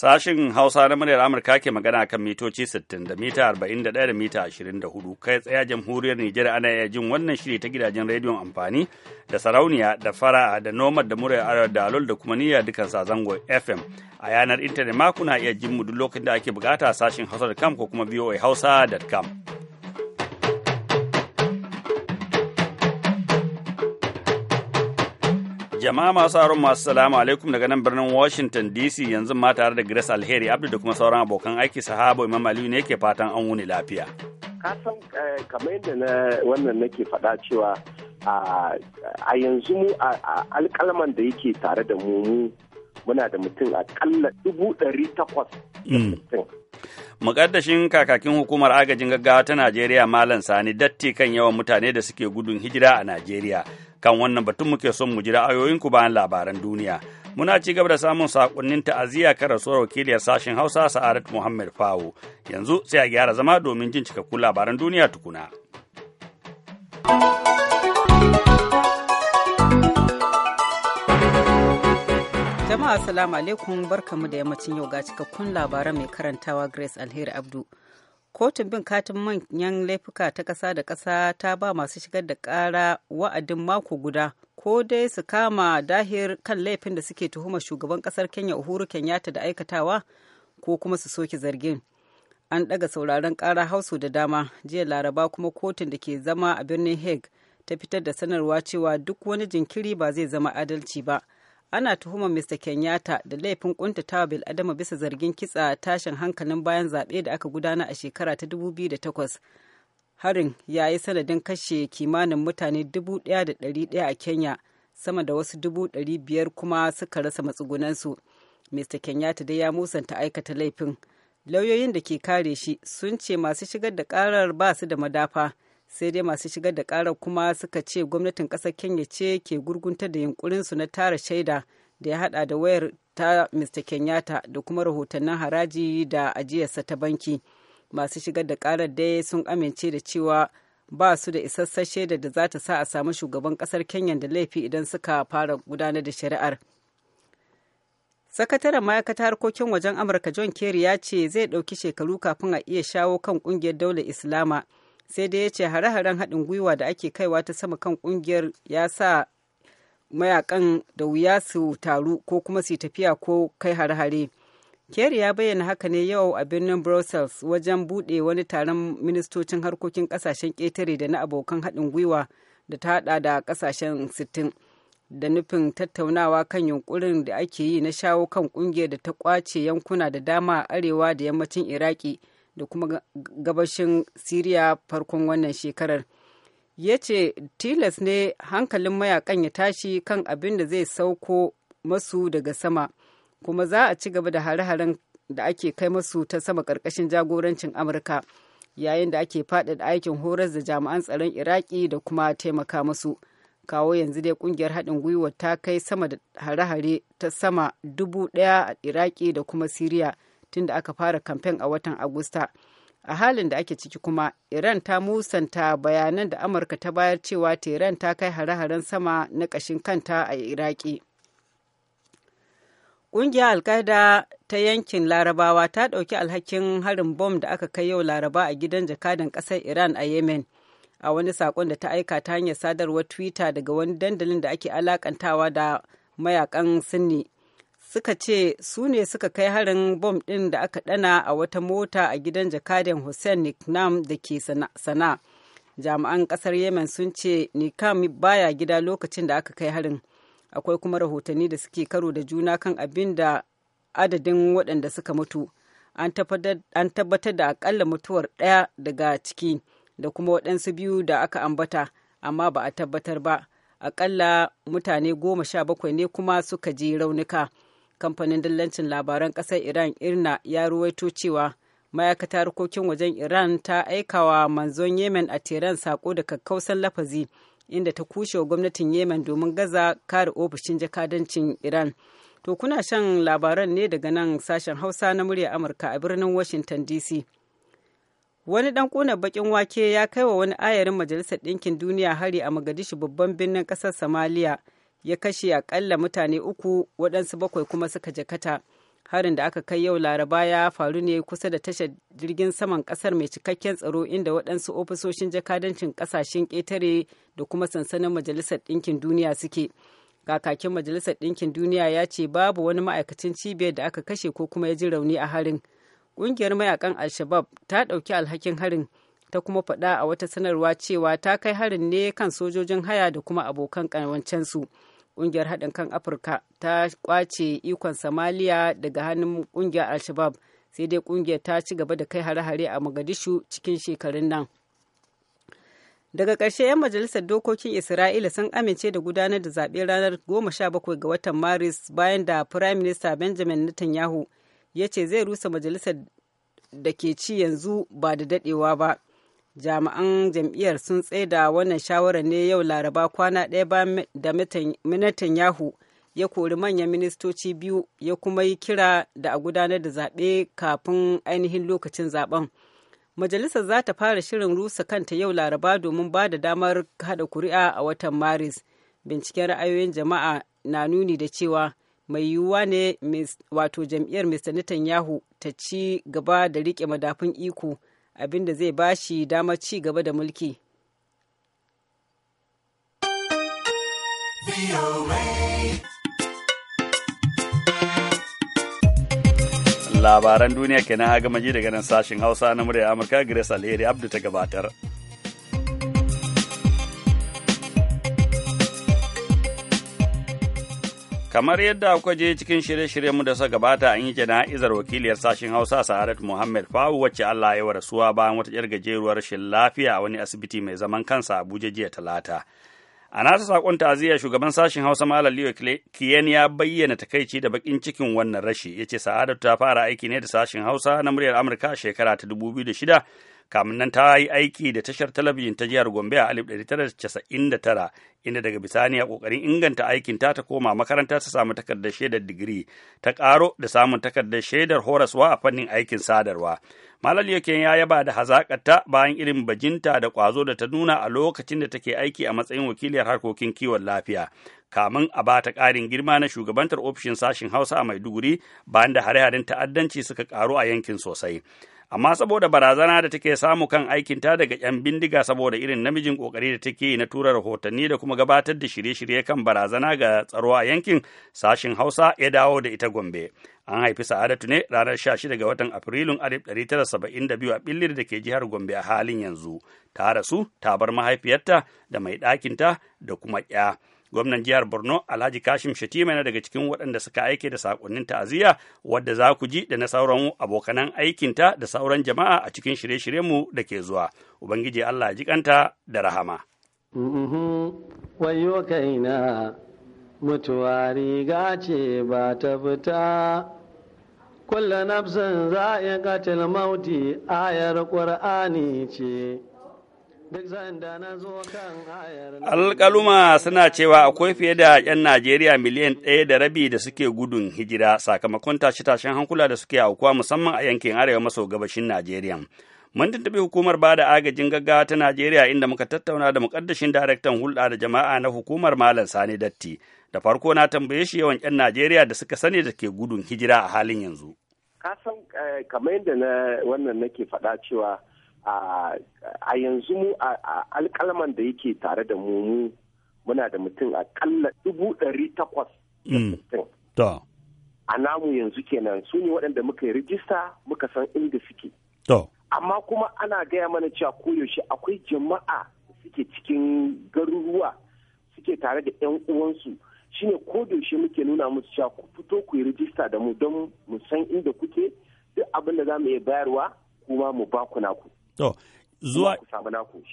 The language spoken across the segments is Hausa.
Sashin Hausa na muryar Amurka ke magana kan mitoci 60 da mita 41 da mita 24 kai tsaya jamhuriyar Nijar ana iya jin wannan shiri ta gidajen rediyon amfani da sarauniya da fara'a da nomad da muryar arar da alol da kuma niyya dukkan zango FM a yanar intanet makuna iya jin mu duk lokacin da ake bukata sashin hausa.com ko kuma voahausa.com. Jama'a masu aron masu salamu alaikum daga nan birnin Washington DC yanzu ma tare da Grace Alheri Abdu da kuma sauran abokan aiki sahabo Imam Aliyu ne ke fatan an wuni lafiya. Ka san eh, kamar yadda na wannan nake faɗa cewa a yanzu mu alƙalman da yake tare da mu muna da mutum akalla dubu ɗari takwas hmm. Mukaddashin kakakin hukumar agajin gaggawa ta Najeriya Malam Sani datti kan yawan mutane da suke gudun hijira a Najeriya. kan wannan batun muke son mu ji ra'ayoyinku bayan labaran duniya muna ci gaba da samun sakonnin ta'aziyya kan rasuwar wakiliyar sashen Hausa Sa'adat Muhammad Fawo yanzu sai a gyara zama domin jin cikakkun labaran duniya tukuna jama'a assalamu alaikum barkamu da yammacin yau ga cikakkun labaran mai karantawa Grace Alheri Abdu kotun bin katin manyan laifuka ta ƙasa da ƙasa ta ba masu shigar da ƙara wa'adin mako guda ko dai su kama dahir kan laifin da suke tuhumar shugaban ƙasar kenya uhuru kenyatta da aikatawa ko kuma su soke zargin an ɗaga sauraron ƙara hausu da dama jiya laraba kuma kotun da ke zama a birnin hague ta fitar da sanarwa cewa duk wani jinkiri ba zai zama adalci ba ana tuhumar Mr. Kenyatta da laifin kuntatawa bil'adama bisa zargin kitsa tashin hankalin bayan zaɓe da aka gudana a shekara ta 2008. Harin ya yi sanadin kashe kimanin mutane 1,100 a Kenya, sama da wasu 500 kuma suka rasa matsugunansu. Mr. Kenyatta dai ya musanta aikata laifin. Lauyoyin da ke kare shi sun ce masu shigar da ƙarar ba su da madafa. sai dai masu shigar da ƙara kuma suka ce gwamnatin ƙasar kenya ce ke gurgunta da yunkurinsu na tara shaida da ya hada da wayar ta mr kenyatta da kuma rahotannin haraji da ajiyarsa ta banki masu shigar da ƙarar dai sun amince da cewa ba su da isassar shaida da za ta sa a samu shugaban ƙasar kenya da laifi idan suka fara gudanar da shari'ar sakataren ma'aikata harkokin wajen amurka john kerry ya ce zai ɗauki shekaru kafin a iya shawo kan ƙungiyar daular islama sai dai ya ce hare-haren haɗin gwiwa da ake kaiwa ta sama kan ƙungiyar ya sa mayakan da wuya su taru ko kuma su tafiya ko kai hare-hare kerry ya bayyana haka ne yau a birnin brussels wajen buɗe wani taron ministocin harkokin ƙasashen ƙetare da na abokan haɗin gwiwa da ta haɗa da ƙasashen sittin da nufin tattaunawa kan yunkurin da ake yi na shawo kan ƙungiyar da ta ƙwace yankuna da dama a arewa da yammacin iraki da kuma gabashin Siriya farkon wannan shekarar. Ya ce tilas ne hankalin mayakan ya tashi kan abin da zai sauko masu daga sama, kuma za a ci gaba da hare-haren da ake kai masu ta sama ƙarƙashin jagorancin Amurka, yayin da ake faɗaɗa aikin horas da jami'an tsaron Iraki da kuma taimaka masu. kawo yanzu dai kungiyar haɗin gwiwa ta kai sama da hare-hare ta sama dubu ɗaya a iraki da kuma siriya tun da aka fara kamfen a watan agusta a halin da ake ciki kuma iran ta musanta bayanan da amurka ta bayar cewa tehran ta kai hare-haren sama na kashin kanta a iraki Ƙungiyar Alkaida ta yankin Larabawa ta ɗauki alhakin harin bom da aka kai yau Laraba a gidan jakadan ƙasar Iran a Yemen. A wani saƙon da ta aika ta hanyar sadarwar Twitter daga wani dandalin da ake alakantawa da mayakan Sinni. suka ce su ne suka kai harin bom ɗin da aka ɗana a wata mota a gidan jakadin hussein niknam da ke sana jami'an ƙasar yemen sun ce nikam baya gida lokacin da aka kai harin akwai kuma rahotanni da suke karo da juna kan abin da adadin waɗanda suka mutu an tabbatar da akalla mutuwar ɗaya daga ciki da kuma waɗansu biyu da aka ambata amma ba a tabbatar ba akalla mutane goma sha bakwai ne kuma suka je raunuka kamfanin dillancin labaran ƙasar iran irna ya ruwaito cewa ma'aikatar harkokin wajen iran ta aikawa manzon yemen a teran sako da kakkausan lafazi inda ta kushe gwamnatin yemen domin gaza kare ofishin jakadancin iran to kuna shan labaran ne daga nan sashen hausa na murya amurka a birnin washington dc wani dan kuna bakin wake ya kai wa wani ayarin majalisar ɗinkin duniya hari a magadishu babban birnin ƙasar samaliya ya kashe akalla mutane uku waɗansu bakwai kuma suka jakata harin da aka kai yau laraba ya faru ne kusa da tashar jirgin saman kasar mai cikakken tsaro inda waɗansu ofisoshin jakadancin ƙasashen ƙetare da kuma sansanin majalisar ɗinkin duniya suke kakakin majalisar ɗinkin duniya ya ce babu wani ma'aikacin cibiyar da aka kashe ko kuma ya ji rauni a harin ƙungiyar mayakan alshabab ta ɗauki alhakin harin ta kuma faɗa a wata sanarwa cewa ta kai harin ne kan sojojin haya da kuma abokan ƙawancensu. su kungiyar haɗin kan afirka ta kwace ikon somaliya daga hannun kungiyar al-shabab sai dai kungiyar ta ci gaba da kai hare-hare a mogadishu cikin shekarun nan daga ƙarshe 'yan majalisar dokokin isra'ila sun amince da gudanar da zaɓe ranar 17 ga watan maris bayan da prime minista benjamin netanyahu ya ce zai rusa majalisar da ke ci yanzu ba da daɗewa ba jami'an jam'iyyar sun tsaida wannan shawarar ne yau laraba kwana ɗaya ba da minatan yahu ya kori manyan ministoci biyu ya kuma yi kira da a gudanar da zaɓe kafin ainihin lokacin zaɓen majalisar za ta fara shirin rusa kanta yau laraba domin ba da damar haɗa kuri'a a watan maris binciken ra'ayoyin jama'a na nuni da cewa mai yiwuwa ne wato jam'iyyar mr netanyahu ta ci gaba da rike madafun iko abin da zai ba shi damar ci gaba da mulki. Labaran duniya kenan haga maji daga nan sashen Hausa na murya Amurka Grace Alheri Abdu ta gabatar. kamar yadda kuka je cikin shirye-shiryen mu da suka gabata an yi jana'izar wakiliyar sashen hausa sa'adat muhammad fawu wacce allah ya wa rasuwa bayan wata yar gajeruwar rashin lafiya a wani asibiti mai zaman kansa abuja jiya talata a nasa sakon ta'aziyya shugaban sashen hausa malam liyo kiyen ya bayyana takaici da bakin cikin wannan rashi ya ce sa'adatu ta fara aiki ne da sashen hausa na muryar amurka shekara ta dubu shida. kamun nan ta yi aiki da tashar talabijin ta jihar gombe a 1999 inda daga bisani a kokarin inganta aikin ta ta koma makaranta ta samu takardar shaidar digiri ta karo da samun takardar shaidar horaswa a fannin aikin sadarwa malal yoken ya yaba da hazakata, bayan irin bajinta da ƙwazo da ta nuna a lokacin da take aiki a matsayin wakiliyar harkokin kiwon lafiya kamun a ba ta ƙarin girma na shugabantar ofishin sashin hausa a maiduguri bayan da hare-haren ta'addanci suka ƙaru a yankin sosai amma saboda barazana da take samu kan aikinta daga 'yan bindiga saboda irin namijin kokari da take yi na tura rahotanni da kuma gabatar da shirye-shirye kan barazana ga tsaro a yankin sashin hausa ya dawo da ita gombe an haifi sa'adatu ne ranar 16 ga watan afrilun 1972 a billir da ke jihar gombe a halin yanzu ta rasu ta bar mahaifiyarta da mai ɗakinta da kuma 'ya. gwamnan jihar borno alhaji kashim shatima yana daga cikin waɗanda suka aike da sakonnin ta'aziyya wadda za ku ji da na sauran abokanan aikinta da sauran jama'a a cikin shirye-shiryenmu da ke zuwa ubangiji allah jikanta da rahama wayo kaina mutuwa riga ce ba ta fita kulla nafsin katil mauti ayar ƙur'ani ce Alƙaluma suna cewa akwai fiye da 'yan Najeriya miliyan ɗaya da rabi da suke gudun hijira sakamakon tashe-tashen hankula da suke aukuwa musamman a yankin arewa maso gabashin Najeriya. Mun tuntuɓi hukumar ba da agajin gaggawa ta Najeriya inda muka tattauna da mukaddashin daraktan hulɗa da jama'a na hukumar Malam Sani Datti. Da farko na tambaye shi yawan 'yan Najeriya da suka sani da ke gudun hijira a halin yanzu. Ka san eh, kamar yadda na wannan nake faɗa cewa a yanzu mu a alkalman da yake tare da mu muna da mutum akalla dubu ɗari takwas da mm. a namu yanzu kenan su ne waɗanda muka yi rijista muka san inda suke amma kuma ana gaya mana cewa koyaushe akwai jama'a suke cikin garuruwa suke tare da 'yan uwansu shine koyaushe muke nuna musu cewa ku fito ku yi rijista da mu don mu san inda kuke duk abin da za mu iya bayarwa kuma mu ba ku naku To, zuwa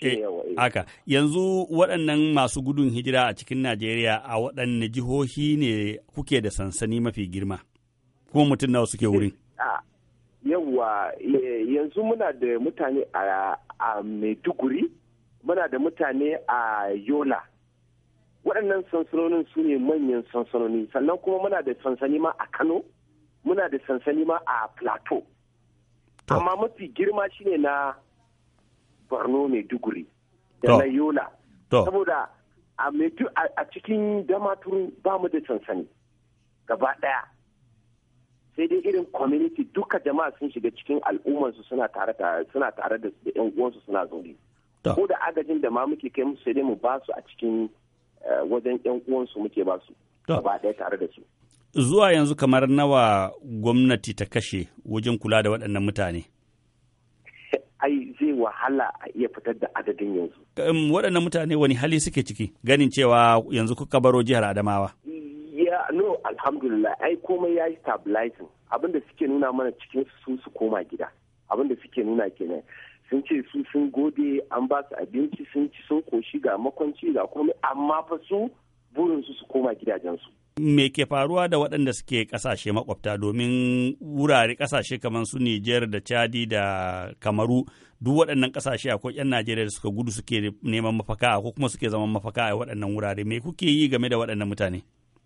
eh, eh. aka yanzu waɗannan masu gudun hijira a cikin Najeriya a waɗanne jihohi ne kuke da sansani mafi girma kuma mutum nawa suke wurin eh, yawwa yanzu muna da mutane a Maiduguri muna da mutane a Yola waɗannan sansanonin su ne manyan sansanoni sannan kuma muna da sansani ma a Kano muna da sansani ma a Plateau amma mafi girma shine na mai duguri da na yola saboda a cikin damaturu ba mu da sansani gaba daya sai dai irin community duka jama'a sun shiga cikin al'ummarsu suna tare suna tare da yan uwansu suna zaune ko da agajin da ma muke kai musu sai dai mu ba su a cikin eh, wajen yan uwansu muke ba su gaba daya tare da su zuwa yanzu kamar nawa gwamnati ta kashe wajen kula da waɗannan mutane wahala a iya fitar da adadin yanzu. waɗannan mutane wani hali suke ciki ganin cewa yanzu kuka baro jihar Adamawa. Ya no alhamdulillah ai komai ya yi stabilizing da suke nuna mana cikin su su koma gida abinda suke nuna kenan sun ce su sun gode an ba su abinci sun ci sun koshi ga makwanci ga komai amma fa su burinsu su koma gidajensu. Me ke faruwa da waɗanda suke ƙasashe makwabta domin wurare ƙasashe kamar su Nijar da Chadi da Kamaru duk waɗannan ƙasashe akwai 'yan Najeriya da suka gudu suke neman mafaka ko kuma suke zaman mafaka a waɗannan wurare me kuke yi game da waɗannan mutane?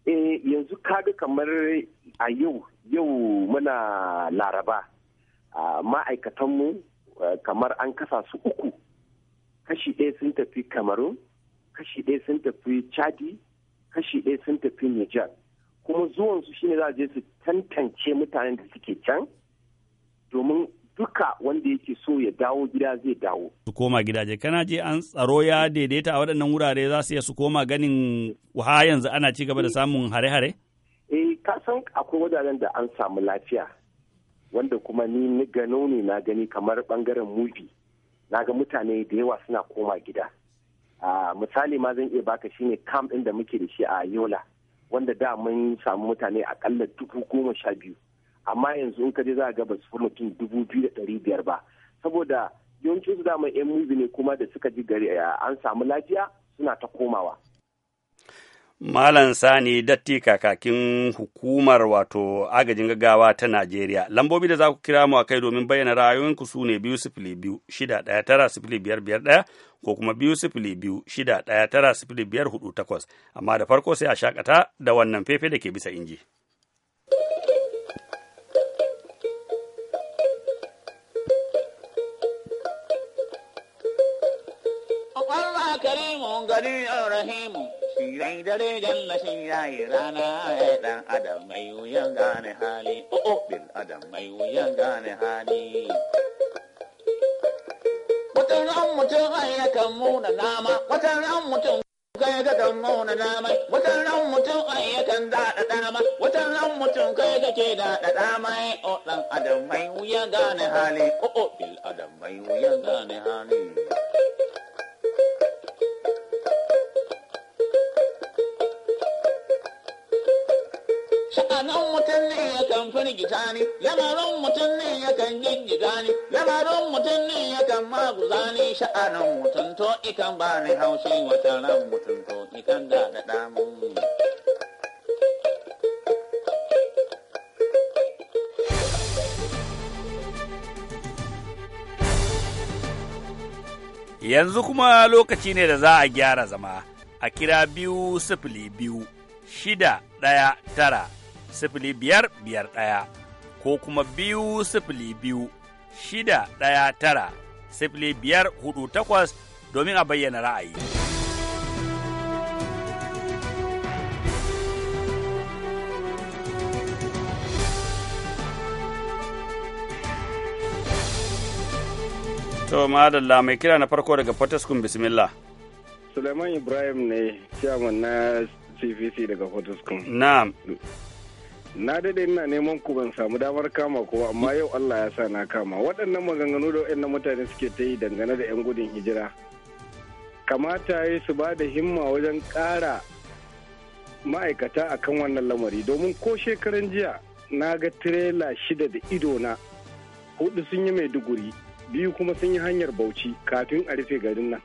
Eh yanzu kaga kamar a yau yau muna Laraba ma'aikatanmu eh, kamar an kasa su uku kashi ɗaya sun tafi Kamaru kashi ɗaya sun tafi Chadi kashi ɗaya sun tafi Nijar kuma zuwan su shine za a je su tantance mutanen da suke can domin duka wanda yake so ya dawo gida zai dawo. Su koma gidaje, kana je an tsaro ya daidaita a waɗannan wurare za su iya su koma ganin ha yanzu ana ci gaba da samun hare-hare? Eh, ka san akwai wajen da an samu lafiya, wanda kuma ni gano ne na gani kamar bangaren mubi, na ga mutane da yawa suna koma gida. misali ma zan iya baka shine camp ɗin da muke da shi a yola wanda da mun samu mutane akalla dubu goma sha biyu amma yanzu in ka je za ga ba su mutum dubu biyu da ɗari biyar ba saboda yawancin su dama yan mubi ne kuma da suka ji gari eh, an samu lafiya suna ta komawa Malam Sani Datti kakakin hukumar wato agajin gaggawa ta Najeriya. Lambobi da za ku kira mu a kai domin bayyana ra'ayoyinku su ne biyu sifili biyu shida ɗaya tara sifili biyar biyar ɗaya ko kuma biyu sifili biyu shida ɗaya tara sifili biyar hudu takwas. Amma da farko sai a shakata da wannan fefe da ke bisa inji. ya karimu gari rahimu shirai dare janna shirai rana ya dan adam mai wuyan gane hali o'o oh, oh, bil adam mai wuyan gane hali wata ran mutum ai yakan muna nama wata ran mutum kai ga kan muna nama wata ran mutum ai yakan daɗa dama ke mai oh, gane hali mai gane hali sha'anin mutum ne ya kan firgita ni lamarin mutum ne ya kan gingiga ni lamarin mutum ne ya kan maguza ni sha'anin mutum to ikan ba ni haushi wata nan mutum to ikan da da damun Yanzu kuma lokaci ne da za a gyara zama, a kira biyu sifili biyu, shida ɗaya tara sifili biyar biyar ɗaya ko kuma biyu sifili biyu shida ɗaya tara sifili biyar hudu takwas domin a bayyana ra'ayi. To madalla mai kira na farko daga Potoskun bismillah. Suleiman Ibrahim ne, ciyaman na CVC daga Potoskun. Na'am. na dade ina neman ku ban samu damar kama ku amma yau Allah ya sa na kama waɗannan maganganu da waɗannan mutane suke ta yi dangane da 'yan gudun hijira kamata ya su ba da himma wajen ƙara ma'aikata a kan wannan lamari domin ko shekaran jiya na ga tirela shida da ido na hudu sun yi mai duguri biyu kuma sun yi hanyar bauchi kafin a rufe garin nan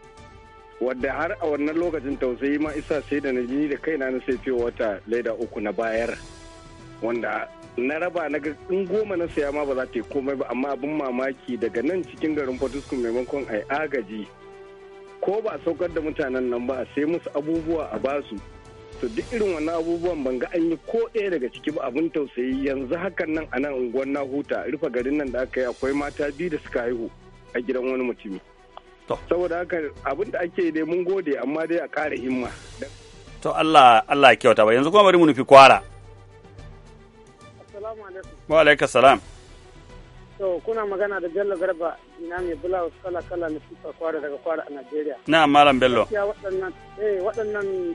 wadda har a wannan lokacin tausayi ma isa sai da na jini da kaina na sai fiye wata leda uku na bayar wanda na raba na in goma na saya ma ba za ta yi komai ba amma abin mamaki daga nan cikin garin Fortescue maimakon a agaji ko ba a saukar da mutanen nan ba a sai musu abubuwa a basu to duk irin wannan abubuwan ban ga an yi ko ɗaya daga ciki ba abin tausayi yanzu hakan nan a nan unguwar na huta rufe garin nan da aka yi akwai mata biyu da suka haihu a gidan wani mutumi saboda haka abin da ake dai mun gode amma dai a ƙara himma to Allah Allah kyauta ba yanzu kuma bari mu nufi kwara Assalamu alaikum. Wa alaikum salam. To kuna magana da Bello Garba ina mai bulawus kala kala na fifa kwara daga kwara a Najeriya. Na Malam Bello. Gaskiya waɗannan eh waɗannan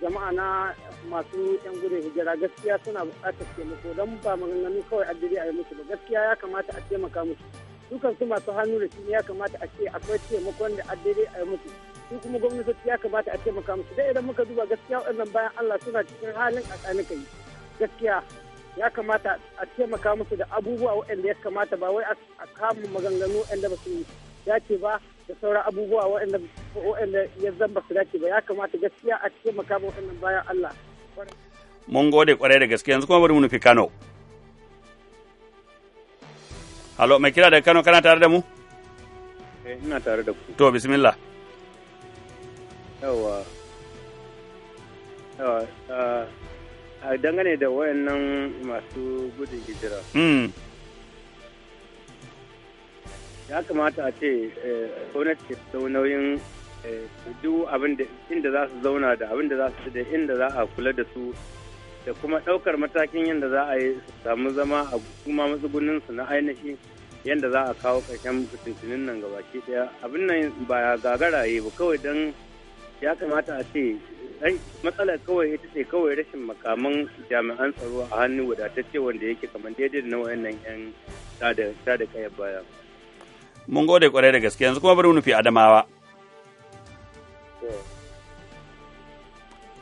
jama'a na masu yan gudun hijira gaskiya suna buƙatar taimako don ba maganganu kawai addini a yi musu ba gaskiya ya kamata a taimaka musu. Dukan su masu hannu da shi ya kamata a ce akwai taimakon da addini a yi musu. Su kuma gwamnati ya kamata a taimaka musu. Dai idan muka duba gaskiya waɗannan bayan Allah suna cikin halin a tsanikai. Gaskiya ya kamata a taimaka musu da abubuwa waɗanda ya kamata ba wai a kama maganganu waɗanda ba su dace ba da sauran abubuwa waɗanda ya zamba su dace ba ya kamata gaskiya a taimaka ma waɗannan bayan Allah. Mun gode kwarai da gaske yanzu kuma bari mu nufi Kano. Halo mai kira da Kano kana tare da mu? Eh ina tare da ku. To bismillah. Yawa. Yawa. Ah, a dangane da wayannan masu gudun hijira hmm. ya kamata a ce eh, gwamnati ta nauyin eh, duk abin da inda za su zauna da abin da za su da inda za a kula da su da kuma ɗaukar matakin yadda za a yi samu zama a kuma matsugunin su na ainihi yadda za a kawo ƙarshen fitintunin nan gabaki daya abin nan ba gagara yi ba kawai don ya kamata a ce ai matsalar kawai ita ce kawai rashin makaman jami'an tsaro a hannu wadatacce wanda yake kamar daidai da na wayannan yan da kayan baya mun gode kwarai da gaske yanzu kuma bari mu nufi adamawa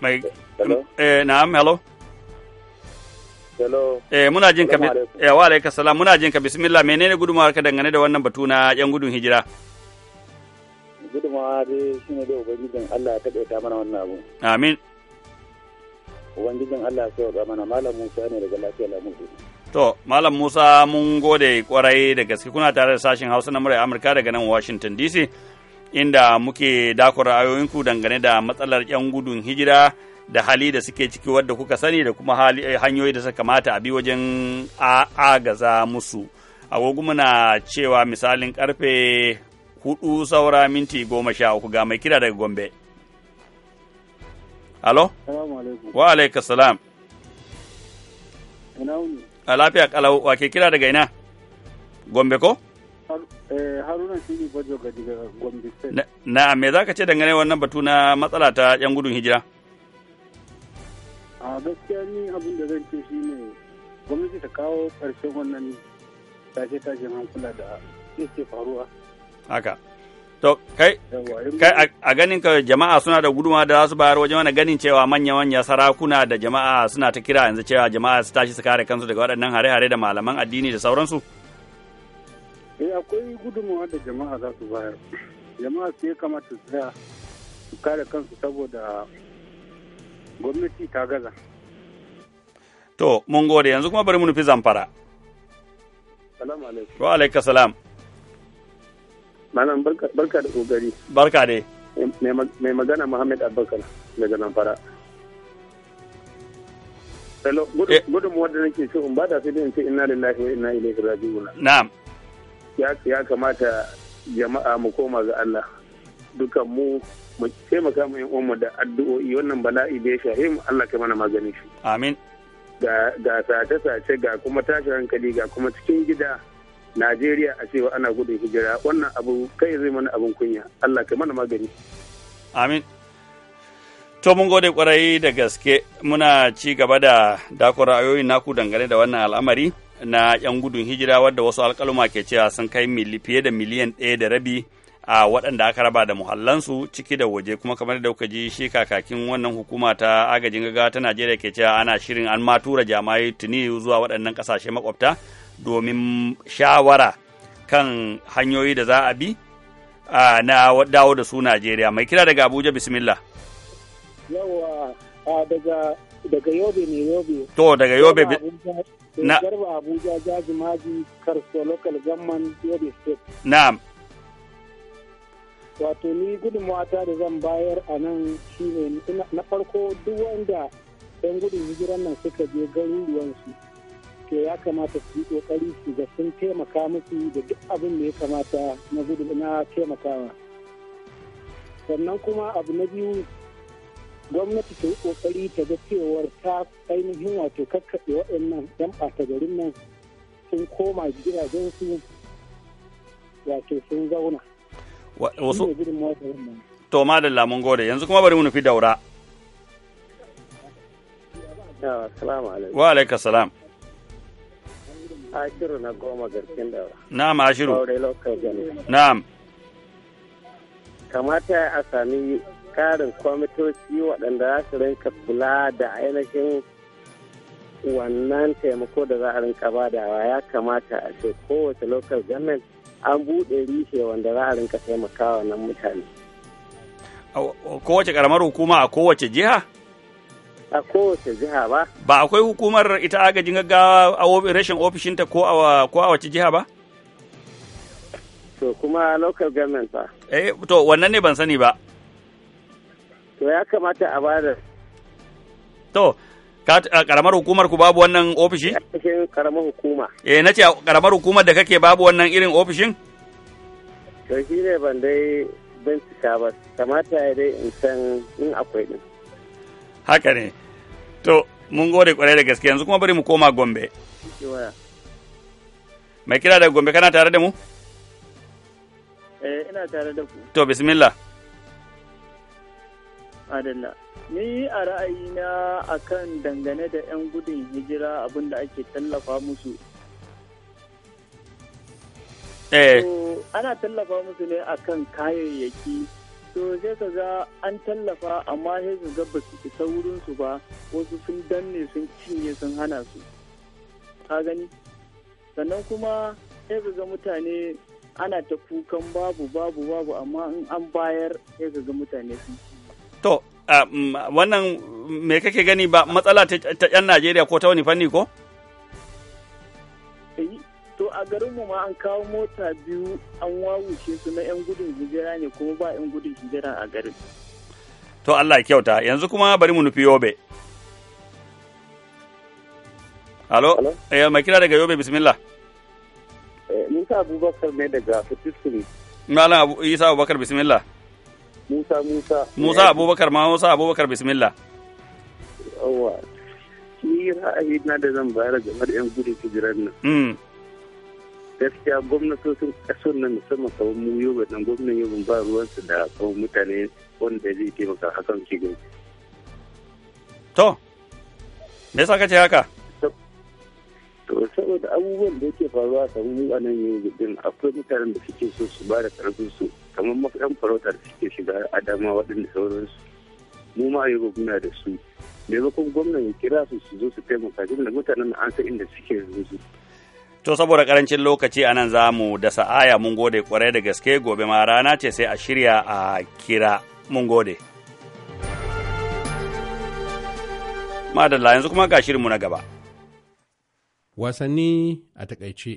mai eh na'am hello hello eh muna jin ka eh wa alaikum salam muna jin ka bismillah menene gudunmawar ka dangane da wannan batu na yan gudun hijira kuma dai shi ne da ubangijin Allah ya taɓa mana wannan abu. Amin. Ubangijin Allah ya taɓa mana Malam Musa ne daga lafiya lamusu. To, Malam Musa mun gode kwarai da gaske kuna tare da sashen Hausa na murai Amurka daga nan Washington DC inda muke dakon ra'ayoyinku dangane da matsalar 'yan gudun hijira da hali da suke ciki wadda kuka sani da kuma eh, hanyoyi da suka kamata a bi wajen agaza musu. Agogu muna cewa misalin karfe hudu saura minti goma sha uku ga mai kira daga Gombe. Alo? Wa alaikas salam. A lafiya kalau wa ke kira daga ina? Gombe ko? Eh, Haruna shi ne bajo ga diga Gombe State. Na, me za ka ce dangane wannan batu na matsala ta 'yan gudun hijira? A gaskiya ni abin da zan ce shi ne gwamnati ta kawo ƙarshen wannan tashe-tashen hankula da yake faruwa. haka to kai kai a ganin ka jama'a suna da guduma da za su bayar wajen wani ganin cewa manya manya sarakuna da jama'a suna ta kira yanzu cewa jama'a su tashi su kare kansu daga waɗannan hare-hare da malaman addini da sauransu eh akwai guduma da jama'a za su bayar jama'a su ya kamata su tsaya su kare kansu saboda gwamnati ta gaza to mun gode yanzu kuma bari mu nufi zamfara salamu alaikum wa alaikum salam Malam barka da Barka Mai magana Muhammad Abubakar daga nan fara. Hello, gudun eh. wadda nake so in bada sai in ce lillahi wa ilaihi raji'un. Na'am. Ya kamata jama'a mu koma ga Allah. Dukan mu mu taimaka mu yan mu da addu'o'i wannan bala'i da ya shahe mu Allah kai mana maganin shi. Amin. Ga sace-sace ga kuma tashin hankali ga kuma cikin gida najeriya a cewa ana gudun hijira wannan abu kai zai mana abin kunya allah kai mana magani amin To mun gode kwarai da gaske muna ci gaba da dakon ra'ayoyin naku dangane da wannan al'amari na 'yan gudun hijira wadda wasu alkaluma ke cewa sun kai fiye da miliyan ɗaya da rabi a waɗanda aka raba da muhallansu ciki da waje kuma kamar da kuka ji shi kakakin wannan hukuma ta agajin gaggawa ta Najeriya ke cewa ana shirin an ma tura jama'ai tuni zuwa waɗannan ƙasashe makwabta domin shawara kan hanyoyi da za a bi na dawo da su Najeriya. Mai kira daga Abuja bismillah. Yawwa daga daga Yobe ne Yobe. To daga Yobe na Garba Abuja Jaji Maji Karso Local gamman Yobe State. Na'am. Wato ni gudunmawata da zan bayar a nan shine na farko duk wanda 'yan gudun hijiran nan suka je garuruwansu. ke ya kamata su yi kokari su ga sun taimaka musu da duk abin da ya kamata na gudu na taimakawa sannan kuma abu na biyu gwamnati ta yi kokari ta ga cewar ta ainihin wato kakkaɓe waɗannan yan ɓata garin nan sun koma gidajen su wato sun zauna to ma da lamun gode yanzu kuma bari mu fi daura wa alaikasalam salam Ashiru na goma garkin daura. Na'am Ashiru. Aure Na'am. Kamata a sami karin kwamitoci waɗanda za su rinka kula da ainihin wannan taimako da za a rinka badawa ya kamata a ce kowace lokal government an buɗe rishe wanda za a rinka taimakawa nan mutane. Kowace ƙaramar hukuma a kowace jiha? a kowace jiha ba. Ba akwai hukumar ita agajin gaggawa a rashin ofishinta ko a wace jiha ba? To kuma local government ba. Eh, to wannan ne ban sani ba. To ya kamata a bada. To, karamar hukumar ku babu wannan ofishi? Cikin karamar hukuma. Eh, na ce karamar hukumar da kake babu wannan irin ofishin? To shi ne ban dai bincika ba, kamata ya dai in san in akwai din. haka ne to mun gode kwarai da gaske yanzu kuma bari mu koma gombe mai kira daga gombe kana tare da mu eh ina tare da ku to bismillah adalla ni a ra'ayina akan dangane da 'yan gudun hijira abinda ake tallafa musu eh. ana tallafa musu ne akan kayayyaki to sai ka ga an tallafa amma sai su ga ba su su ba wasu sun danne sun cinye sun hana su ka gani sannan kuma sai ka ga mutane ana ta kukan babu babu babu amma in an bayar sai ka ga mutane sun to um, wannan me kake gani ba matsala ta 'yan najeriya ko ta wani fanni ko? a garinmu ma an kawo mota biyu an wawuce su na 'yan gudun hijira ne kuma ba 'yan gudun hijira a garin. To Allah kyauta yanzu kuma bari mu nufi yobe. Halo? Eh, mai kira daga yobe bismillah. Eh, Musa Abubakar ne daga Fatiskuri. Malam Abu Isa Abubakar bismillah. Musa Musa. Musa Abubakar ma Musa Abubakar bismillah. Yawwa. Ni ra'ayi na da zan bayar ga da 'yan gudun hijirar nan. Hmm. gaskiya gwamnatocin kasar nan musamman kawai mu yoba nan gwamnan yoba ba ruwansu da kawo mutane wanda zai taimaka hakan ke gani. To, me yasa kace haka? To, saboda abubuwan da yake faruwa a mu a nan yau din akwai mutanen da suke so su ba da karfin su kamar mafiyan farautar suke shiga adama waɗanda sauransu. Mu ma yau muna da su. Maimakon gwamnan ya kira su su zo su taimaka jin da mutanen an san inda suke yanzu. To saboda karancin lokaci anan za mu dasa aya mun gode kwarai da gaske gobe ma rana ce sai a shirya a kira mun gode. Madalla yanzu kuma ga shirinmu na gaba. Wasanni a takaice.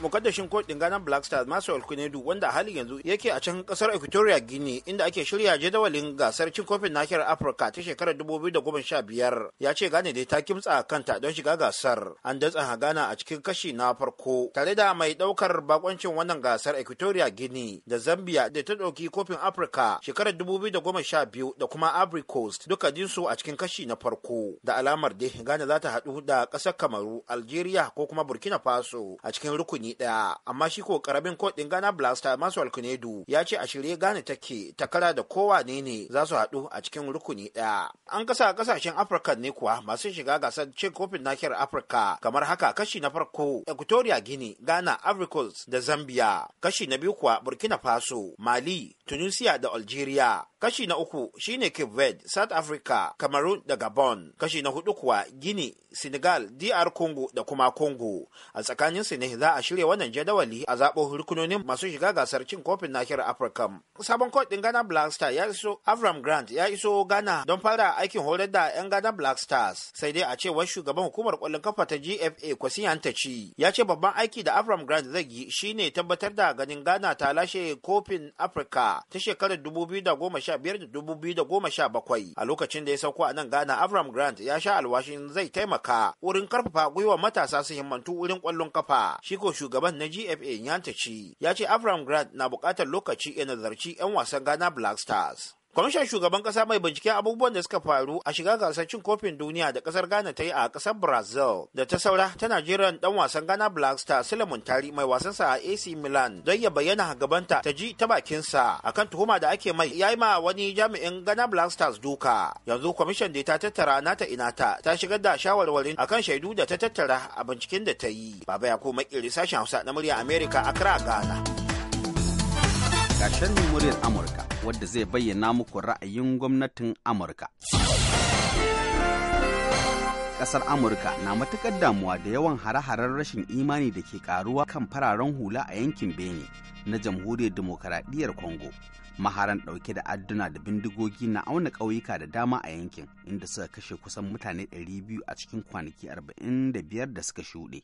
mukaddashin kotun ganan black stars masu kunedu wanda a halin yanzu yake a can kasar equatorial guinea inda ake shirya jadawalin gasar cin kofin nahiyar afirka ta shekarar 2015 ya ce gane dai ta kimtsa kanta don shiga gasar an datsa ghana a cikin kashi na farko tare da mai daukar bakoncin wannan gasar equatorial guinea da zambia da ta dauki kofin afirka shekarar 2012 da kuma ivory coast duka dinsu a cikin kashi na farko da alamar dai ghana za ta haɗu da kasar kamaru algeria ko kuma burkina faso a cikin rukuni baki daya amma shi ko karamin kodin Ghana Blaster Maswal Kunedu ya ce a shirye Ghana take takara da kowa ne ne za su haɗu a cikin rukuni daya an kasa kasashen Afirka ne kuwa masu shiga gasar cin kofin nakiyar Afirka kamar haka kashi na farko Equatorial Guinea Ghana Africa da Zambia kashi na biyu kuwa Burkina Faso Mali Tunisia da Algeria. Kashi na uku shine Cape Verde, South Africa, Cameroon da Gabon. Kashi na hudu kuwa Guinea, Senegal, DR Congo da kuma Congo. A tsakanin su ne za a shirya wannan jadawali a zaɓo rukunonin masu shiga gasar cin kofin nahiyar Afirka. Sabon kot ɗin Ghana Black Stars ya iso Avram Grant ya iso Ghana don fara aikin horar da 'yan Ghana Black Stars. Sai dai a ce cewar shugaban hukumar kwallon kafa ta GFA Kwasi ci ya ce babban aiki da Avram Grant zai yi shine tabbatar da ganin Ghana ta lashe kofin Afirka. ta shekarar 2015 da 2017 a lokacin da ya sauko a nan Ghana Avram Grant ya sha alwashin zai taimaka wurin karfafa gwiwa matasa su himmantu wurin kwallon kafa. Shi ko shugaban na GFA Nyantaci ya ce Avram Grant na bukatar lokaci ya nazarci 'yan wasan Ghana Black Stars. Kwamishin shugaban kasa mai binciken abubuwan da suka faru a shiga gasar cin kofin duniya da kasar Ghana ta yi a kasar Brazil da ta saura ta Najeriya dan wasan Ghana Black Star solomon Tari mai wasan sa a AC Milan don ya bayyana gabanta ta ji ta bakin sa akan tuhuma da ake mai yayi ma wani jami'in Ghana Black Stars duka. Yanzu kwamishin da ta tattara nata inata ta shigar da shawarwarin akan shaidu da ta tattara a binciken da ta yi. Baba ya ko makiri sashen Hausa na murya America Accra Ghana. ga sharhin Amurka wadda zai bayyana muku ra'ayin gwamnatin Amurka. Ƙasar Amurka na matuƙar damuwa da yawan hare-haren rashin imani da ke ƙaruwa kan fararen hula a yankin Benin, na Jamhuriyar Demokaradiyyar Congo. Maharan ɗauke da adduna da bindigogi na auna ƙauyuka da dama a yankin inda suka kashe kusan mutane 200 a cikin kwanaki 45 da suka shuɗe.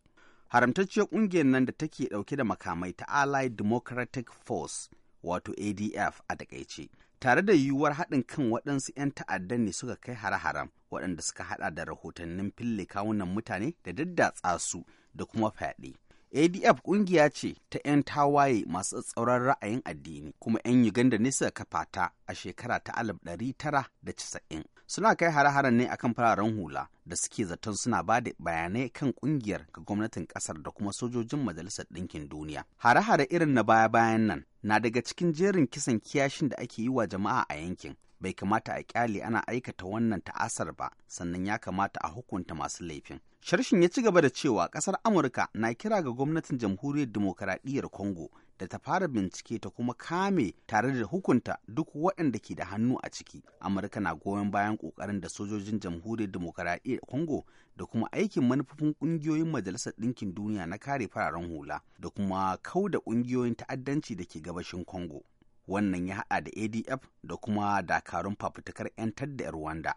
haramtacciyar ƙungiyar nan da take ɗauke da makamai ta allied democratic force wato adf a takaice tare da yiwuwar haɗin kan waɗansu 'yan ta'addan ne suka kai hare-haren waɗanda suka haɗa da rahotannin fille kawunan mutane da daddatsa su da kuma fyaɗe ADF kungiya ce ta 'yan tawaye masu tsauran ra'ayin addini kuma 'yan Uganda ne suka kafa ta a shekara ta 1990. Suna kai hare-haren ne akan fararen hula da suke zaton suna ba da bayanai kan kungiyar ga gwamnatin kasar da kuma sojojin Majalisar Ɗinkin Duniya. Hare-hare irin na baya-bayan nan na daga cikin jerin kisan kiyashin da ake yi wa jama'a a yankin bai kamata a kyale ana aikata wannan ta'asar ba sannan ya kamata a hukunta masu laifin sharshin ya ci gaba da cewa ƙasar amurka na kira ga gwamnatin jamhuriyar demokaradiyyar kongo da ta fara bincike ta kuma kame tare da hukunta duk waɗanda ke da hannu a ciki amurka na goyon bayan ƙoƙarin da sojojin jamhuriyar demokaradiyyar congo da kuma aikin manufofin ƙungiyoyin majalisar ɗinkin duniya na kare fararen hula da kuma kauda ƙungiyoyin ta'addanci da ke gabashin kongo. wannan ya haɗa da adf da kuma dakarun fafutukar 'yantar da rwanda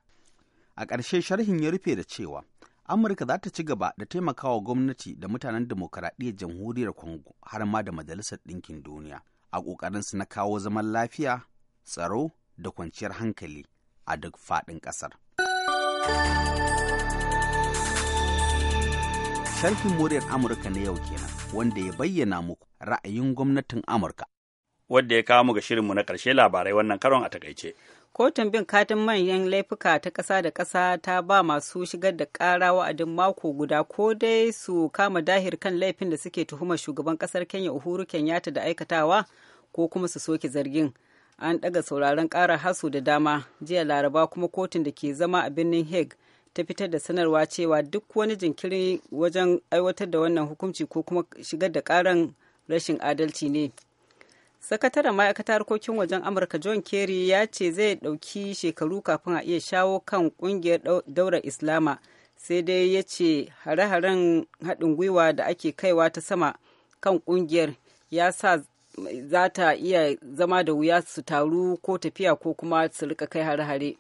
a ƙarshe sharhin ya rufe da cewa amurka za ta ci gaba da taimakawa gwamnati da mutanen demokaradiyyar jamhuriyar congo har ma da majalisar ɗinkin duniya a ƙoƙarin su na kawo zaman lafiya tsaro da kwanciyar hankali a duk faɗin ƙasar. Sharhin muryar Amurka na yau kenan wanda ya bayyana muku ra'ayin gwamnatin Amurka. wadda ya kawo mu ga shirinmu na ƙarshe labarai wannan karon a takaice. Kotun bin katin manyan laifuka ta ƙasa da ƙasa ta ba masu shigar da ƙara wa'adin mako guda ko dai su kama dahir kan laifin da suke tuhumar shugaban ƙasar Kenya Uhuru Kenyatta da aikatawa ko kuma su soke zargin. An ɗaga sauraron ƙara hasu da dama jiya laraba kuma kotun da ke zama a birnin Hague ta fitar da sanarwa cewa duk wani jinkiri wajen aiwatar da wannan hukunci ko kuma shigar da ƙaran rashin adalci ne. sakataren ma'aikatar harkokin wajen amurka john kerry ya ce zai dauki shekaru kafin a iya shawo kan kungiyar daura islama sai dai ya ce hare-haren haɗin gwiwa da ake kaiwa ta sama kan kungiyar ya sa za ta iya zama da wuya su taru ko tafiya ko kuma su rika kai hare-hare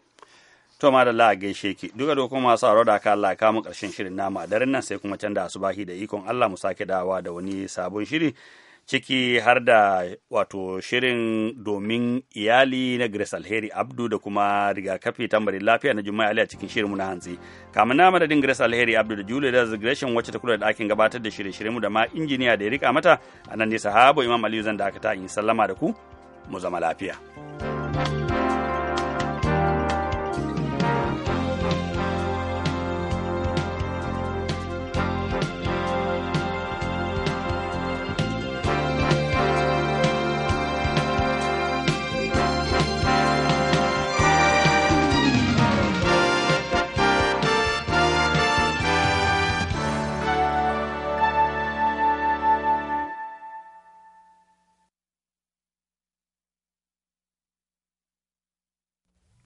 to madalla a gaishe ki duka da kuma masu aro da aka Allah ka mu karshen shirin nama daren nan sai kuma canza asubahi da ikon Allah mu sake dawa da wani sabon shiri ciki har da wato shirin domin iyali na Grace Alheri Abdu da kuma rigakafi tambarin lafiya na Juma'a Ali a cikin shirinmu na hantsi. Kamun na madadin Grace Alheri Abdu da Julia da Gresham wacce ta kula da ɗakin gabatar da shirye-shiryenmu da ma injiniya da ya rika mata a nan ne sahabo Imam Aliyu zan da aka ta yi sallama da ku mu zama lafiya.